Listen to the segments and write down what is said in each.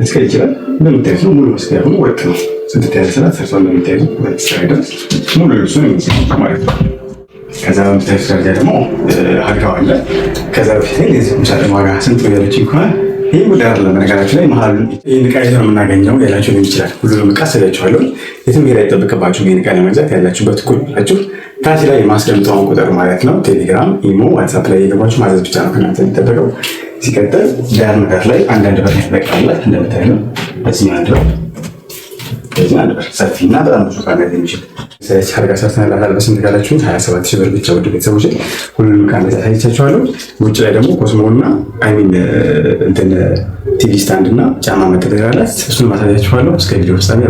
መስቀል ይችላል። እንደምታዩት ነው። ሙሉ መስቀል ያሁኑ ወርቅ ነው። ስትታያዝ ስላት ሰርቷ እንደምታዩት ሁለት ስራ ሙሉ ልብሱን የሚሰራ ማለት ነው። ከዛ በምታዩት ደረጃ ደግሞ አልጋው አለ። ከዛ በፊት ላይ ለዚህ ምሳሌ ዋጋ ስንት ያለች ከሆነ ይህ ጉዳይ አለ። ላይ መሀል ይህን ዕቃ ይዞ ነው የምናገኘው ያላችሁ ሊሆን ይችላል። ሁሉንም ዕቃ ሰቢያችኋለሁ። የትም ሄዳ አይጠበቅባችሁም። ይህን ዕቃ ለመግዛት ያላችሁበት ኩል ታች ላይ የማስቀምጠውን ቁጥር ማለት ነው ቴሌግራም፣ ኢሞ፣ ዋትሳፕ ላይ የገባችሁ ማዘዝ ብቻ ነው ከእናንተ የሚጠበቀው። ሲቀጥል ዳር ነገር ላይ አንዳንድ በር ይጠቃላል። እንደምታዩ በዚህ አንድ በር በዚህ አንድ በር ሰፊ እና በጣም ብዙ ስለዚህ አድርጋ በስንት ሀያ ሰባት ሺህ ብር ብቻ። ውድ ቤተሰቦች ሁሉንም ታይቻቸዋለሁ። ውጭ ላይ ደግሞ ኮስሞ እና አይሚን እንትን ቲቪ ስታንድ እና ጫማ መጠገሪያ አላት። እሱን ማሳያችኋለሁ። እስከ ቪዲዮ ፍጻሜ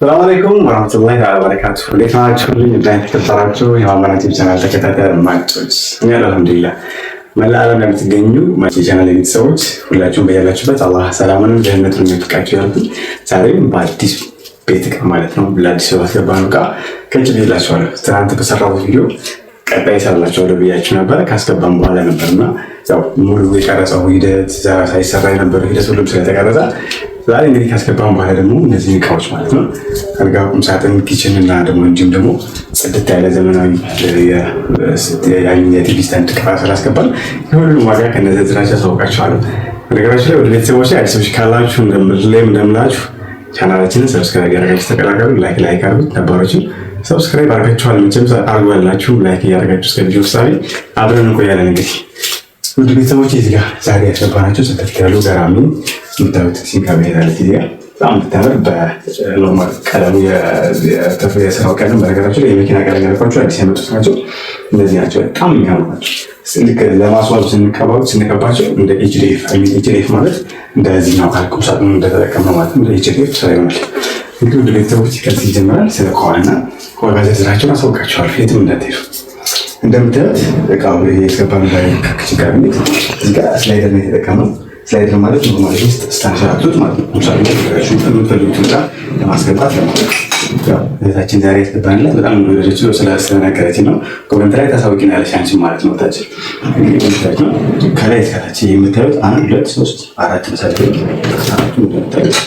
ሰላም አለይኩም ወራህመቱላሂ ወበረካቱ። እንዴት ናችሁልኝ? ቻናል ተከታታይ ማጮች እኔ አልሐምዱሊላህ መላ ዓለም ለምትገኙ የቻናል ቤተሰቦች ሁላችሁም በያላችሁበት አላህ ሰላምንም ደህንነቱን የሚያብቃችሁ ያሉት ዛሬም በአዲስ ቤት እቃ ማለት ነው ለአዲስ ሰው ያስገባነው እቃ ከጭ ብላችኋለሁ። ትናንት በሰራሁት ቪዲዮ ቀጣይ ሰራላችኋለሁ ብያችሁ ነበረ ካስገባም በኋላ ነበርና ሙሉ የቀረጸው ሂደት ሳይሰራ የነበረው ሂደት ሁሉም ስለተቀረጸ ዛሬ እንግዲህ ካስገባን በኋላ ደግሞ እነዚህ እቃዎች ማለት ነው አልጋ፣ ቁምሳጥን፣ ኪችን እና ደግሞ እንዲሁም ደግሞ ጽድት ያለ ዘመናዊ የቲቪ ስታንድ ክፍል ስላስገባል የሁሉም ዋጋ ከነዚ ከነዘዝናቸው አሳውቃችኋለሁ። በነገራችን ላይ ወደ ቤተሰቦች ላይ አዲሶች ካላችሁ ላይም እንደምላችሁ ቻናላችንን ሰብስክራይብ ያደረጋችሁ ተቀላቀሉ። ላይክ ላይክ አድርጉት። ነባሮችን ሰብስክራይብ አድርጋችኋል መቼም አድርጎ ያላችሁ ላይክ እያደረጋችሁ እስከ ቪዲዮ ፍጻሜ አብረን እንቆያለን። እንግዲህ ውድ ቤተሰቦች እዚህ ጋር ዛሬ ያስገባናቸው ጽድት ያሉ ገራሚ የምታዩት ሲጋብሄዳል ዜጋ በጣም ብታምር በሎማ ቀለሙ የስራው ቀለም በነገራቸው ላይ የመኪና ቀለም ያለባቸው አዲስ የመጡት ናቸው። እነዚህ ናቸው። በጣም የሚያምሩ ናቸው። ለማስዋብ ስንቀባሉት ስንቀባቸው እንደ ኤችዲኤፍ ኤችዲኤፍ ማለት እንደዚህ ነው። ቁምሳጥ እንደተጠቀምነው ማለት እንደ ኤችዲኤፍ ስራ ይሆናል። እንግዲህ ወደ ቤተሰቦች ከዚህ ይጀምራል። ስለ ከዋና ዋጋ ዝርዝራቸውን አሳውቃቸዋል። ፌትም እንዳትሄዱ እንደምታዩት እቃ የስገባ ላይ ችግር ቤት እዚጋ ስላይደር ነው የተጠቀመው ስላይደር ማለት ኖርማሊ ውስጥ ስታንሸራቱት ማለት ነው። ለምሳሌ ነገራችሁን የምትፈልጉት ዕቃ ለማስገባት ለማለት እህታችን ዛሬ ያስገባንላት በጣም ወደደች ስለነገረች ነው። ኮመንት ላይ ታሳውቂን ያለሽ አንቺን ማለት ነው። ታችን ነው ከላይ እስከታች የምታዩት አንድ ሁለት ሶስት አራት መሳሌ አራቱ እንደምታዩት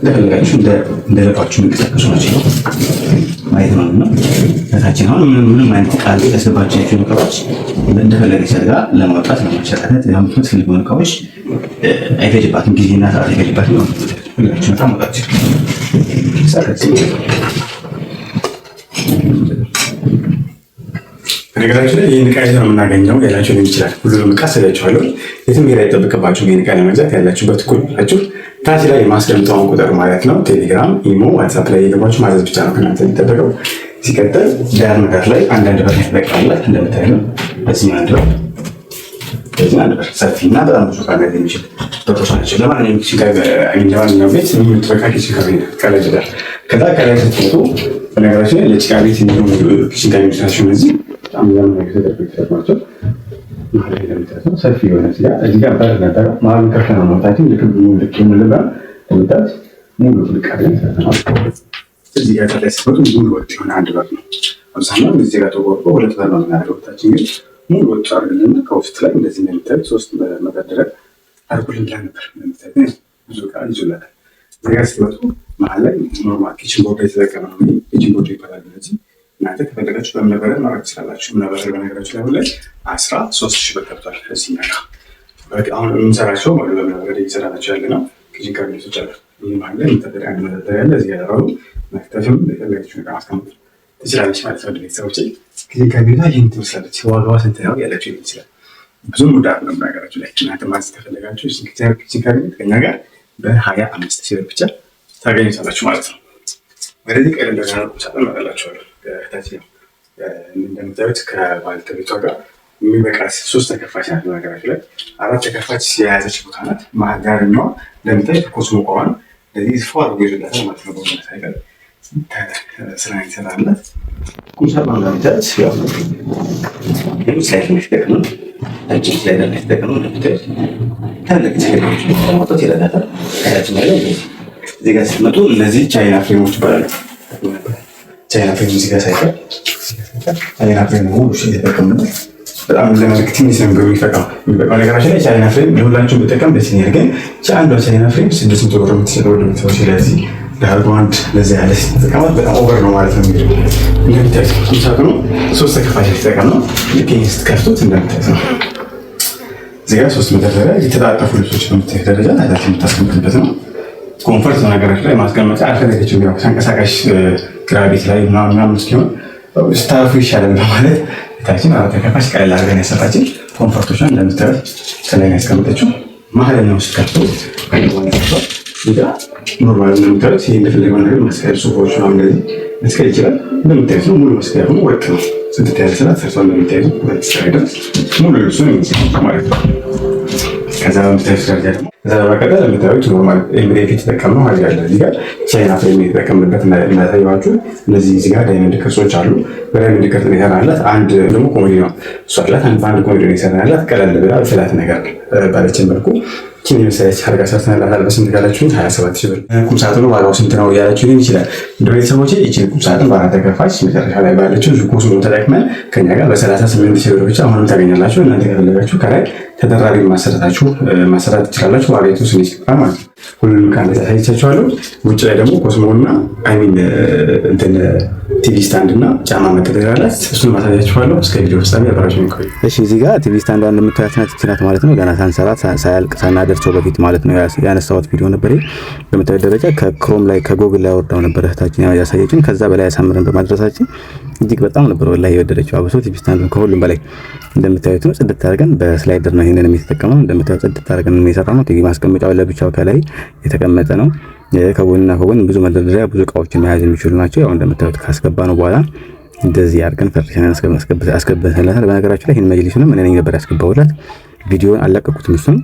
እንደፈለጋችሁ እንደለቃችሁ የሚንቀሳቀሱ ናቸው ማየት ነው እና እታችን አሁን ምንም አይነት ቃል ያስገባቻቸውን እቃዎች እንደፈለገች አድርጋ ለማውጣት ለማሸጣለት የምትፈልገውን እቃዎች አይፈጅባትም፣ ጊዜና ሰዓት አይፈጅባትም። ፈለጋችሁ በጣም ወጣች ነገራችን ላይ ይህን ዕቃ ነው የምናገኘው ያላችሁ ሊሆን ይችላል። ሁሉንም ዕቃ የትም ሄድ አይጠበቅባችሁም። ይህን ለመግዛት ያላችሁበት ኩል ናችሁ ታች ላይ የማስቀምጠውን ቁጥር ማለት ነው። ቴሌግራም፣ ኢሞ፣ ዋትሳፕ ላይ የገባችሁ ማዘዝ ብቻ ነው ከእናንተ የሚጠበቀው። ሲቀጥል ዳር መጋር ላይ አንዳንድ በር ይጠቅማላት እንደምታይ ነው። በዚህ አንድ ብር፣ በዚህ አንድ ብር ሰፊ እና በጣም ብዙ ካገዝ የሚችል ብሮች ናቸው። ለማንኛውም ለማንኛውም ቤት የምትበቃ ኪችን ካቢኔት ቀለል ይላል። ከዛ ከላይ ስትወጡ በነገራችን ለጭቃ ቤት የሚሆኑ ኪችን ካቢኔት እዚህ በጣም ለምን ተጠቅሞ ይጠቅማቸው ሰፊ የሆነ ስጋ እዚህ ጋር በር ነበረ። ነው ልክ ልክ ሙሉ ፍልቃት ሰርተናል። እዚህ ጋር ሙሉ ወጥ የሆነ አንድ በር ነው። አብዛኛው እዚህ ጋር ተቆርጦ ሁለት በር ነው ግን ሙሉ ወጥ ከውስጥ ላይ እንደዚህ ሶስት ነበር። ብዙ ይዞላታል። እዚህ ጋር መሀል ላይ ኖርማል ኪችን ቦርድ የተጠቀመ ነው። ኪችን ቦርድ ይባላል እነዚህ እናንተ ከፈለጋችሁ በምነበረ ማድረግ ትችላላችሁ። ምነበረ በነገራችሁ ላይ ላይ አስራ ሶስት ሺህ ብር ገብቷል። እዚህ ነጋ አሁን የምንሰራቸው ማለት በምነበረ እየሰራናቸው ያለ ነው። ከዚህ ጋር አሉ። ይህ ማለ የምታደሪያ አንድ መደርደሪያ ያለ እዚህ ያደረሩ መክተፍም የፈለጋችሁ ነገር ማስቀመጥ ትችላለች ማለት ነው። ቤተሰቦች ከዚህ ጋር ቤታ ይህን ትመስላለች። ዋጋዋ ስንት ነው ያላቸው ሊሆን ይችላል። ብዙም ውድ ነው በነገራችሁ ላይ እናንተ ማለት ከፈለጋችሁ እዚህ ጋር ከኛ ጋር በሀያ አምስት ሺህ ብር ብቻ ታገኙታላችሁ ማለት ነው። ወደዚህ ቀደም ደግሞ ሳጠን መጠላችኋለሁ እህታችን እንደምታዩት ከባለቤቷ ጋር የሚበቃት ሶስት ተከፋች ናት። ነገራች ላይ አራት ተከፋች የያዘች ቦታ ናት። ነው እንደምታይ ኮስሞ ቆዋን ለዚህ ፎ አድርጎ ይዘላታል ማለት ነው። በሆነ ሳይቀር ስራ ይሰራላት ቁምሳጥን እንደምታዩት ይህ ስላይድ ነው የሚጠቅመው እጅ ላይ ነው የሚጠቅመው እንደምታዩት ታለቅ ተገናች ለማውጣት ይረዳታል። ከታችን ላይ እዚህ ጋር ስትመጡ እነዚህ ቻይና ፍሬሞች ይባላሉ። ቻይና ፍሬም እዚህ ጋር ሳይቀር ቻይና ፍሬም ሙሉ እየተጠቀምን በጣም ለመልክ ትንሽ ነው የሚፈቃው። ነገራችን ላይ ቻይና ፍሬም ለሁላችሁም ብጠቀም ደስ ይለኛል፣ ግን አንዷ ቻይና ፍሬም ስድስት መቶ ብር የምትሸጠው ወደምትሆ ስለዚህ ዳርጓንድ ለዚ ያለ ተጠቀማት በጣም ኦቨር ነው ማለት ነው። እንግዲህ እንደምታዩት ቁምሳጥኑ ሶስት ተከፋሽ ሲጠቀም ነው። ልክ ይህን ስትከፍቱት እንደምታዩት ነው። እዚህ ጋር ሶስት መደርደሪያ የተጣጠፉ ልብሶች በምታዩት ደረጃ ታች የምታስቀምጥበት ነው። ኮንፈርት ነው ነገራችን ላይ ማስቀመጫ አልፈለገችም። ያው ተንቀሳቃሽ ክራይ ቤት ላይ ምናምን እስኪሆን ስታፉ ይሻላል በማለት ቤታችን አራት ተከፋች ቀለል አድርገን ያሰራችን ኮንፈርቶቿን እንደምታዩት ከላይ ያስቀምጠችው መሀል ነው ስከፍቶ ኖርማል እንደምታዩት ይህ ነገር መስቀል ሱፎች እንደዚህ መስቀል ይችላል። እንደምታዩት ነው ሙሉ መስቀል ሆኖ ነው ስራ እንደምታዩት ሁለት ስራ ሙሉ ልብሱን ማለት ነው። ከዛ በመቀጠል የምታዩት ኖርማል ኤምብሬክ የተጠቀምነው ሀዚ አለ። እዚህ ጋር ቻይና ፍሬም የተጠቀምንበት እናሳየዋችሁ። እነዚህ እዚህ ጋር ዳይመንድ ቅርጾች አሉ። በዳይመንድ ቅርጽ የሰራላት። አንድ ደግሞ ኮሜዲ ነው እሱ አላት። በአንድ ኮሜዲ ነው የሰራላት። ቀለል ብላ ፍላት ነገር ባለችን መልኩ ቺን የመሰለች አድርጋ ሰርተንላታል። በስንት ካላችሁኝ ሀያ ሰባት ሺህ ብር። ቁም ዋጋው ስንት ነው እያላችሁ ሊሆን ይችላል። እንደ ቤተሰቦች ይችን ቁምሳጥን ሳጥን ተከፋች መጨረሻ ላይ ባለችው ኮስሞን ተጠቅመን ከኛ ጋር በሰላሳ ስምንት ሺህ ብር ብቻ አሁንም ታገኛላችሁ። እናንተ ከፈለጋችሁ ከላይ ተደራቢ ማሰረታችሁ ማሰራት ትችላላችሁ። ዋጋቱ ስን ይችላል ማለት ነው። ሁሉንም ካለ ያሳይቻችኋለሁ። ውጭ ላይ ደግሞ ኮስሞና አይሚን እንትን ቲቪ ስታንድ እና ጫማ መተግበሪያ አላት። እሱን ማሳያችኋለሁ። እስከ ቪዲዮ ፍጻሜ አብራችሁ ይቆዩ። እሺ፣ እዚህ ጋር ቲቪ ስታንድ አንድ የምታያት ናት። ይቺ ማለት ነው። ገና ሳንሰራት ሳያልቅ ሳናደርሰው በፊት ማለት ነው ያነሳሁት ቪዲዮ ነበር። በምታዩት ደረጃ ከክሮም ላይ ከጎግል ላይ ወርዳው ነበር እህታችን ያሳየችን። ከዛ በላይ ያሳምረን በማድረሳችን እጅግ በጣም ነበር ወላሂ የወደደችው። አብሶ ቲቪ ስታንዱን ከሁሉም በላይ እንደምታዩት ነው። ጽድት አድርገን በስላይደር ነው ይህንን የሚተጠቀመው። እንደምታዩት ጽድት አድርገን የሚሰራ ነው። ቲቪ ማስቀመጫው ለብቻው ከላይ የተቀመጠ ነው። ከጎንና ከጎን ብዙ መደርደሪያ ብዙ እቃዎችን መያዝ የሚችሉ ናቸው። ያው እንደምታዩት ካስገባ ነው በኋላ እንደዚህ አድርገን ፈርሸን አስገብተንላታል። በነገራችን ላይ ይህን መጅሊሱን ምን ነኝ ነበር ያስገባውላት ቪዲዮን አለቀቁትም እሱን።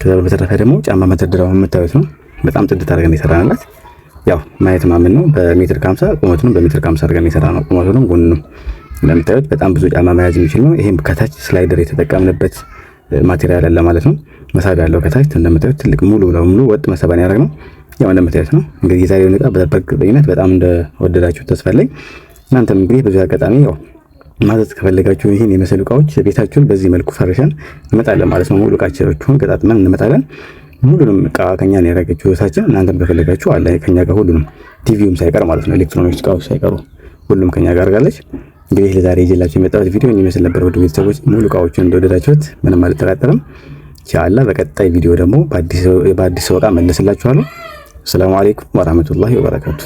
ከዛ በተረፈ ደግሞ ጫማ መደርደሪያውን የምታዩት ነው። በጣም ጥድት አድርገን የሰራንላት ያው ማየት ማመን ነው። በሜትር ከሀምሳ ቁመቱንም በሜትር ከሀምሳ አድርገን የሰራ ነው። ቁመቱንም ጎንንም እንደምታዩት በጣም ብዙ ጫማ መያዝ የሚችል ነው። ይህም ከታች ስላይደር የተጠቀምንበት ማቴሪያል አለ ማለት ነው። መሳቢያ ያለው ከታች እንደምታዩት ትልቅ ሙሉ ለሙሉ ወጥ መሰባን ያደረግ ነው። ያው እንደምታዩት ነው እንግዲህ የዛሬውን ዕቃ በእርግጠኝነት በጣም እንደወደዳችሁ ተስፋ አለኝ። እናንተም እንግዲህ በዚህ አጋጣሚ ያው ማዘዝ ከፈለጋችሁ ይህን የመሰሉ እቃዎች ቤታችሁን በዚህ መልኩ ፈርሸን እንመጣለን ማለት ነው። ሙሉ እቃችሁን ገጣጥመን እንመጣለን። ሙሉንም እቃ ከኛ ነው ያደረገችው እህታችን። እናንተም ከፈለጋችሁ አለ ከኛ ጋር ሁሉንም ቲቪውም ሳይቀር ማለት ነው፣ ኤሌክትሮኒክስ እቃዎች ሳይቀሩ ሁሉም ከኛ ጋር አድርጋለች። እንግዲህ ለዛሬ ይዤላችሁ የመጣሁት ቪዲዮ የሚመስል ነበር። ወደ ቤተሰቦች ሙሉ እቃዎችን እንደወደዳችሁት ምንም አልጠራጠርም። ቻላ በቀጣይ ቪዲዮ ደግሞ በአዲስ እቃ መለስላችኋለሁ። ሰላሙ አሌይኩም ወራህመቱላሂ ወበረካቱ።